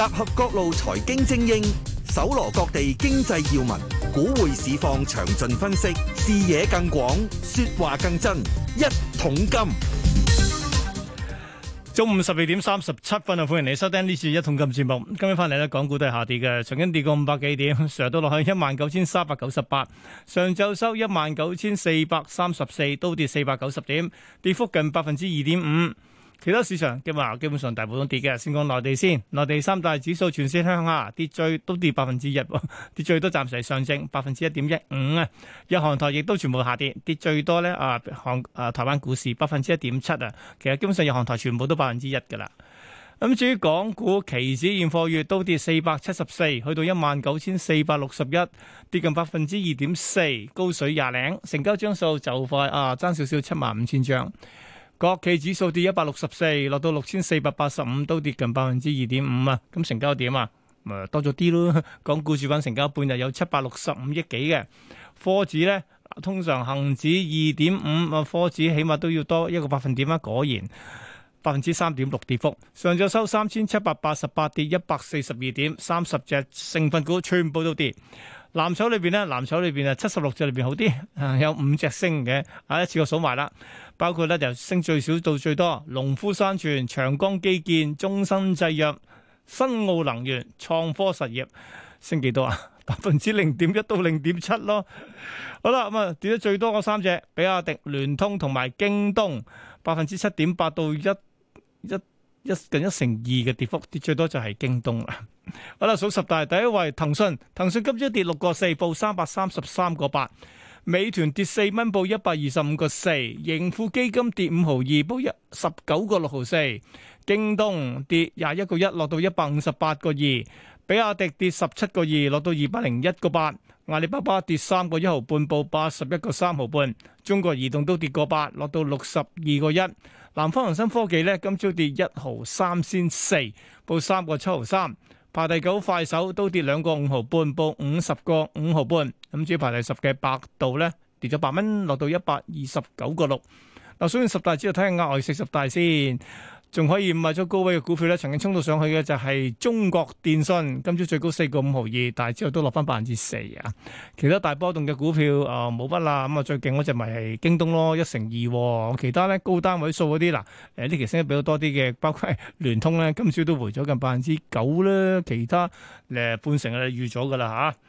集合各路財經精英，搜羅各地經濟要聞，股匯市況詳盡分析，視野更廣，說話更真。一桶金，中午十二點三十七分啊，歡迎你收聽呢次一桶金節目。今日翻嚟咧，港股都係下跌嘅，曾經跌過五百幾點，成日都落去一萬九千三百九十八，上晝收一萬九千四百三十四，都跌四百九十點，跌幅近百分之二點五。其他市場嘅話，今日基本上大部分跌嘅。先講內地先，內地三大指數全線向下，跌最都跌百分之一， 跌最多暫時係上升百分之一點一五啊。日韓台亦都全部下跌，跌最多咧啊，韓啊台灣股市百分之一點七啊。其實基本上日韓台全部都百分之一噶啦。咁至於港股期指現貨月都跌四百七十四，去到一萬九千四百六十一，跌近百分之二點四，高水廿零，成交張數就快啊，爭少少七萬五千張。國企指數跌一百六十四，落到六千四百八十五，都跌近百分之二點五啊！咁成交點啊？誒，多咗啲咯。港股主板成交半日有七百六十五億幾嘅，科指呢，通常恒指二點五，啊，科指起碼都要多一個百分點啊。果然百分之三點六跌幅，上晝收三千七百八十八，跌一百四十二點，三十隻成分股全部都跌。藍籌裏邊呢，藍籌裏邊誒七十六隻裏邊好啲，有五隻升嘅，啊一次過數埋啦。包括咧由升最少到最多，農夫山泉、長江基建、中生製藥、新奧能源、創科實業，升幾多啊？百分之零點一到零點七咯。好啦，咁啊跌得最多嗰三隻，比亞迪、聯通同埋京東，百分之七點八到一一一近一成二嘅跌幅，跌最多就係京東啦。好啦，數十大第一位，騰訊，騰訊今朝跌六個四，報三百三十三個八。美團跌四蚊，報一百二十五個四；盈富基金跌五毫二，報一十九個六毫四；京東跌廿一個一，落到一百五十八個二；比亞迪跌十七個二，落到二百零一個八；阿里巴巴跌三個一毫半，報八十一個三毫半；中國移動都跌個八，落到六十二個一；南方恒生科技呢，今朝跌一毫三仙四，報三個七毫三。排第九快手都跌兩個五毫半，報五十個五毫半。咁至於排第十嘅百度呢，跌咗八蚊，落到一百二十九個六。嗱，所以十大只要睇下額外十大先。仲可以賣咗高位嘅股票咧，曾經衝到上去嘅就係中國電信，今朝最高四個五毫二，但係之後都落翻百分之四啊。其他大波動嘅股票啊，冇乜啦。咁啊，最勁嗰隻咪係京東咯，一成二。其他咧，高單位數嗰啲嗱，誒呢期升得比較多啲嘅，包括聯通咧，今朝都回咗近百分之九啦。其他誒、呃、半成啊預咗噶啦嚇。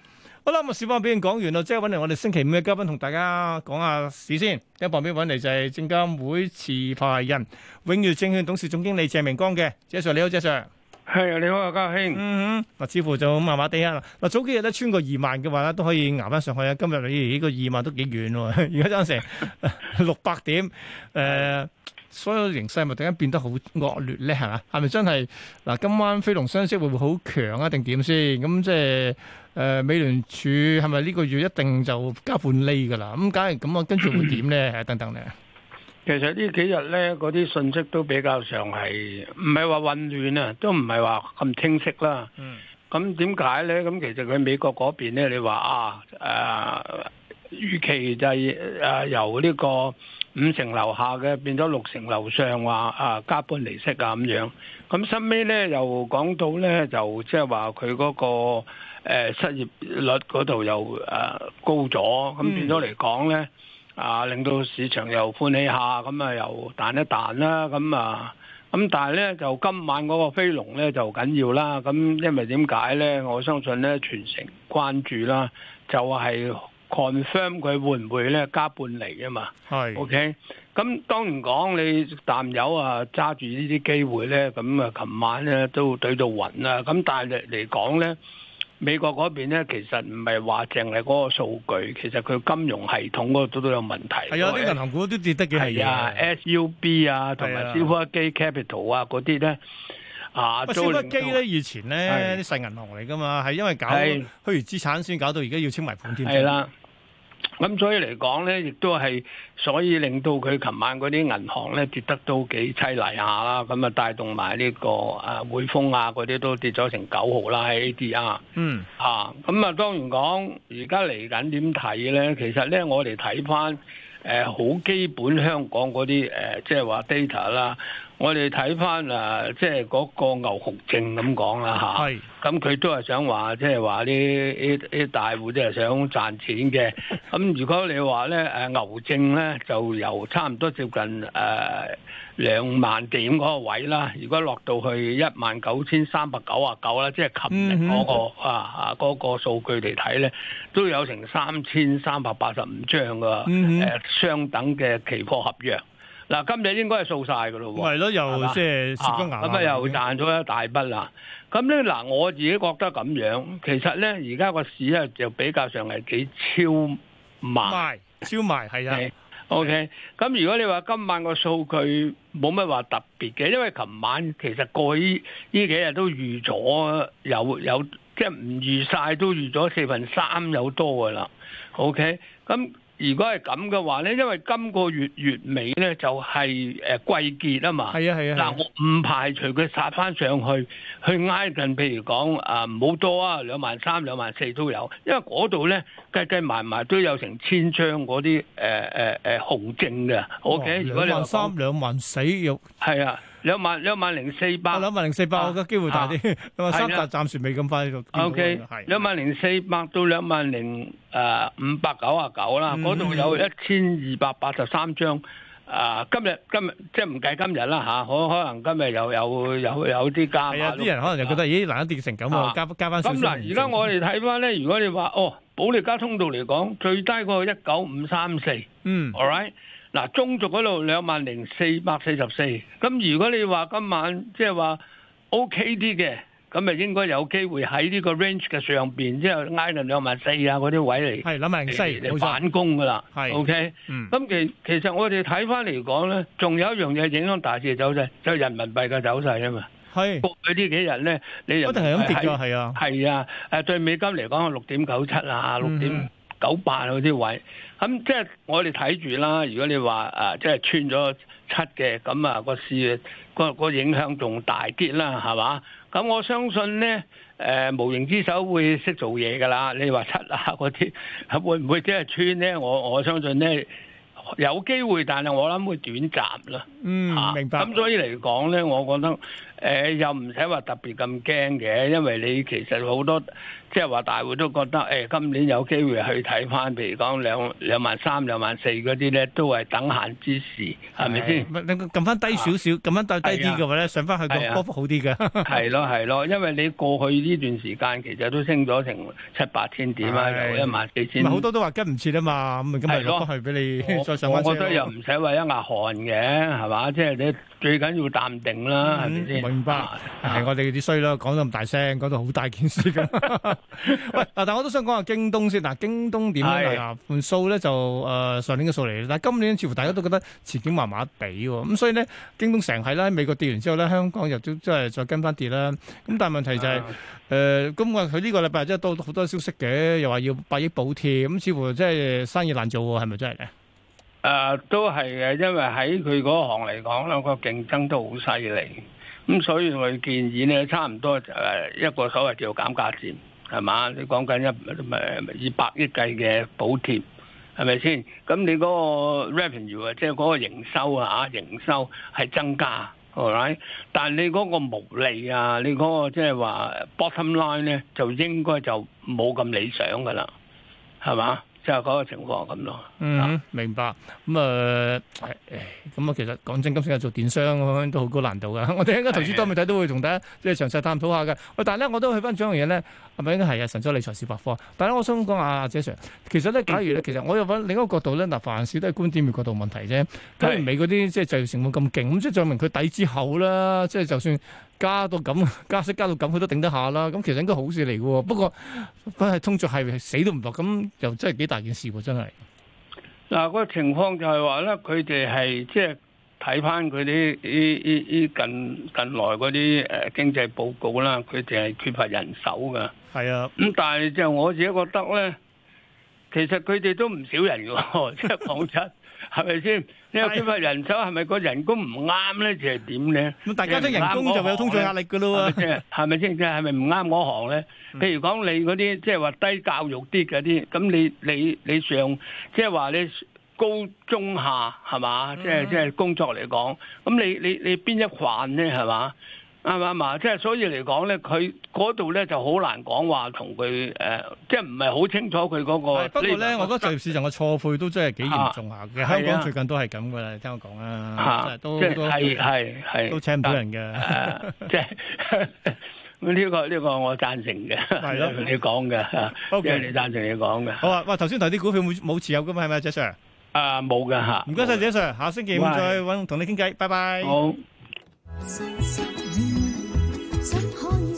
好啦，咁啊，小方邊講完啦，即係揾嚟我哋星期五嘅嘉賓同大家講下市先。一旁邊揾嚟就係證監會持牌人永越證券董事總經理謝明光嘅。謝 Sir 你好，謝 Sir。係啊，你好啊，嘉兄。嗯哼，嗱，似乎就咁麻麻地啊。嗱，早幾日咧穿過二萬嘅話咧都可以捱翻上去啊。今日呢呢個二萬都幾遠喎，而家爭成六百點誒。 呃所有形勢係咪突然間變得好惡劣咧，係嘛？係咪真係嗱？今晚非農數字會唔會好強啊？定點先？咁即係誒美聯儲係咪呢個月一定就加半厘㗎啦？咁梗係咁啊，跟住會點咧？係等等咧。其實幾呢幾日咧，嗰啲信息都比較上係唔係話混亂啊？都唔係話咁清晰啦。嗯。咁點解咧？咁其實佢美國嗰邊咧，你話啊啊。啊預期就係、是、誒、啊、由呢個五成樓下嘅變咗六成樓上，話啊加半厘息啊咁樣。咁、啊、後尾咧又講到咧就即係話佢嗰個、呃、失業率嗰度又誒、啊、高咗，咁變咗嚟講咧啊令到市場又歡喜下，咁啊又彈一彈啦，咁啊咁、啊、但係咧就今晚嗰個非農咧就緊要啦。咁因為點解咧？我相信咧全城關注啦，就係、是。confirm 佢會唔會咧加半釐啊嘛？係，OK。咁當然講你淡友啊，揸住呢啲機會咧，咁啊，琴晚咧都對到暈啦。咁但係嚟講咧，美國嗰邊咧其實唔係話淨係嗰個數據，其實佢金融系統嗰度都有問題。係啊，啲銀行股都跌得幾。係啊，S U B 啊，同埋 Silvergate Capital 啊嗰啲咧啊，都。不過，Silvergate 咧以前咧啲細銀行嚟㗎嘛，係因為搞虛擬資產先搞到而家要清盤添。係啦。咁所以嚟講咧，亦都係所以令到佢琴晚嗰啲銀行咧跌得都幾淒厲下啦，咁啊帶動埋呢個誒匯豐啊嗰啲都跌咗成九毫啦喺 ADR。嗯。嚇、嗯！咁啊當然講，而家嚟緊點睇咧？其實咧，我哋睇返誒好基本香港嗰啲誒，即係話 data 啦。我哋睇翻啊，即係嗰個牛熊證咁講啦嚇，咁佢都係想話，即係話啲啲啲大戶即係想賺錢嘅。咁如果你話咧，誒牛證咧就由差唔多接近誒兩萬點嗰個位啦，如果落到去一萬九千三百九啊九啦，即係琴日嗰個啊啊嗰個數據嚟睇咧，都有成三千三百八十五張嘅誒相等嘅期貨合約。嗱，今日應該係掃晒㗎咯喎，係咯，又即係蝕咗咁啊、嗯、又賺咗一大筆啦。咁咧嗱，我自己覺得咁樣，其實咧而家個市咧就比較上係幾超賣，超賣係、okay? 的啊。O K，咁如果你話今晚個數據冇乜話特別嘅，因為琴晚其實過去呢幾日都預咗有有，有，即係唔預晒，都預咗四分三有多㗎啦。O K，咁。如果係咁嘅話咧，因為今個月月尾咧就係誒季結啊嘛，係啊係啊。嗱、啊，啊、我唔排除佢殺翻上去，去挨近，譬如講啊，唔好多啊，兩萬三、兩萬四都有，因為嗰度咧計計埋埋都有成千張嗰啲誒誒誒紅證嘅。O K，兩萬三、兩萬死肉，係啊。兩萬兩萬零四百，兩萬零四百，我覺得機會大啲。兩萬三集暫時未咁快。OK，係兩萬零四百到兩萬零誒五百九啊九啦，嗰度有一千二百八十三張。啊，今日今日即係唔計今日啦吓，可可能今日又有有有啲加。係啊，啲人可能就覺得咦，難得跌成咁喎，加加翻少少。咁嗱，而家我哋睇翻咧，如果你話哦，保利加通道嚟講，最低個一九五三四。嗯。All right. 嗱，中族嗰度兩萬零四百四十四，咁如果你話今晚即係話 O K 啲嘅，咁咪應該有機會喺呢個 range 嘅上邊，之後挨到兩萬四啊嗰啲位嚟，係諗埋嚟反攻噶啦，係 O K。嗯，咁其其實我哋睇翻嚟講咧，仲有一樣嘢影響大市走勢，就係人民幣嘅走勢啊嘛。係，佢呢幾日咧，你又係咁跌咗，係啊，係啊，誒對美金嚟講，六點九七啊，六點九八啊嗰啲位。咁即係我哋睇住啦。如果你話誒，即係穿咗七嘅，咁啊個市個個影響仲大啲啦，係嘛？咁我相信咧，誒無形之手會識做嘢噶啦。你話七啊嗰啲，會唔會即係穿咧？我我相信咧有機會，但係我諗會短暫咯。嗯，明白。咁所以嚟講咧，我覺得。誒又唔使話特別咁驚嘅，因為你其實好多即係話大會都覺得誒今年有機會去睇翻，譬如講兩兩萬三、兩萬四嗰啲咧，都係等閒之事，係咪先？咪你撳翻低少少，撳翻低低啲嘅話咧，上翻去個波幅好啲嘅。係咯係咯，因為你過去呢段時間其實都升咗成七八千點啦，由一萬四千。咪好多都話跟唔切啊嘛，咁咪今日落翻去俾你再上翻車咯。我覺得又唔使話一額汗嘅，係嘛？即係你。最緊要淡定啦，係、嗯、先明白係、啊、是我哋啲衰咯，講到咁大聲，講到好大件事嘅。 喂，嗱，但我都想講下京東先。嗱，京東點咧？份是數咧就誒、呃、上年嘅數嚟。但係今年似乎大家都覺得前景麻麻地喎。咁所以咧，京東成係啦，喺美國跌完之後咧，香港又都即係再跟翻跌啦。咁但係問題就係、是、誒，今日佢呢個禮拜即係多好多消息嘅，又話要百億補貼，咁似乎即係生意難做喎，係咪真係咧？誒，都係嘅，因為喺佢嗰行嚟講咧，嗰個競爭都好犀利，咁所以我建議咧，差唔多誒一個所謂叫減價戰，係嘛？你講緊一誒以百億計嘅補貼，係咪先？咁你嗰個 revenue 啊，即係嗰個營收啊，營收係增加，係咪？但係你嗰個毛利啊，你嗰個即係話 bottom line 咧，就應該就冇咁理想噶啦，係嘛？嗯就嗰個情況咁咯。嗯，啊、明白。咁啊，咁、呃、啊，其實講真，今次係做電商都好高難度嘅。我哋而家投資多媒體，都會同大家即係詳細探討下嘅。喂，但係咧，我都去翻咗樣嘢咧，係、啊、咪應該係啊？神州理財是百科。但係我想講下阿姐 Sir 其實咧，假如咧的，其實我又揾另一個角度咧，嗱，凡事都係觀點與角度問題啫。係。咁唔係嗰啲即係製造成本咁勁，咁即係證明佢底子厚啦。即、就、係、是、就算。加到咁加息加到咁，佢都頂得下啦。咁其實應該好事嚟嘅，不過佢係通脹係死都唔落，咁又真係幾大件事，真係。嗱，個情況就係話咧，佢哋係即係睇翻佢啲呢呢呢近近來嗰啲誒經濟報告啦，佢哋係缺乏人手噶。係啊，咁但係就我自己覺得咧，其實佢哋都唔少人嘅，即係講真。係咪先？你有缺乏人手，係咪個人工唔啱咧？定係點咧？咁大家都人工就有通脹壓力噶咯喎，係咪先？即係咪唔啱我行咧？譬 如講你嗰啲即係話低教育啲嘅啲，咁你你你上即係話你高中下係嘛？即係即係工作嚟講，咁你你你邊一款咧係嘛？啱唔啱啊？即係所以嚟講咧，佢嗰度咧就好難講話同佢誒，即係唔係好清楚佢嗰個。不過咧，我覺得就業市場嘅錯配都真係幾嚴重下嘅。香港最近都係咁噶啦，你聽我講啊，都都係係係都請唔到人嘅。即係呢個呢個我贊成嘅。係咯，你講嘅，即係你贊成你講嘅。好啊，哇！頭先頭啲股票冇冇持有噶嘛？係咪，謝 Sir？啊，冇噶吓。唔該晒，謝 Sir。下星期我再揾同你傾偈。拜拜。好。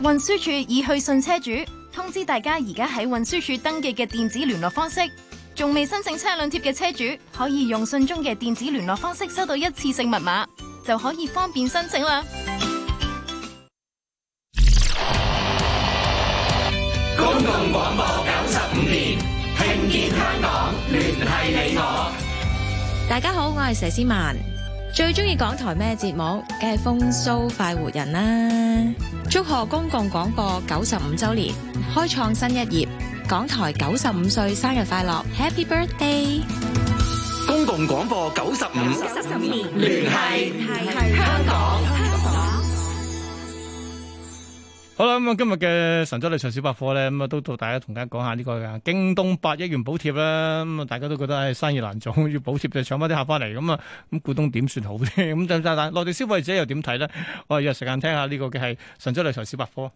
運輸署已去信車主，通知大家而家喺運輸署登記嘅電子聯絡方式，仲未申請車輛貼嘅車主，可以用信中嘅電子聯絡方式收到一次性密碼，就可以方便申請啦。公共廣播九十五年，聽見香港，聯繫你我。大家好，我係佘詩曼。最中意港台咩節目？梗係《風騷快活人》啦！祝賀公共廣播九十五周年，開創新一頁。港台九十五歲生日快樂，Happy Birthday！公共廣播九十五，九十五年，聯繫係香港。香港香港好啦，咁啊今日嘅神州理財小百科咧，咁啊都同大家同大家講下呢、這個嘅京東百億元補貼啦。咁啊，大家都覺得係、哎、生意難做，要補貼就搶翻啲客翻嚟。咁、嗯、啊，咁股東點算好咧？咁但係內地消費者又點睇咧？我哋約時間聽下呢個嘅係神州理財小百科。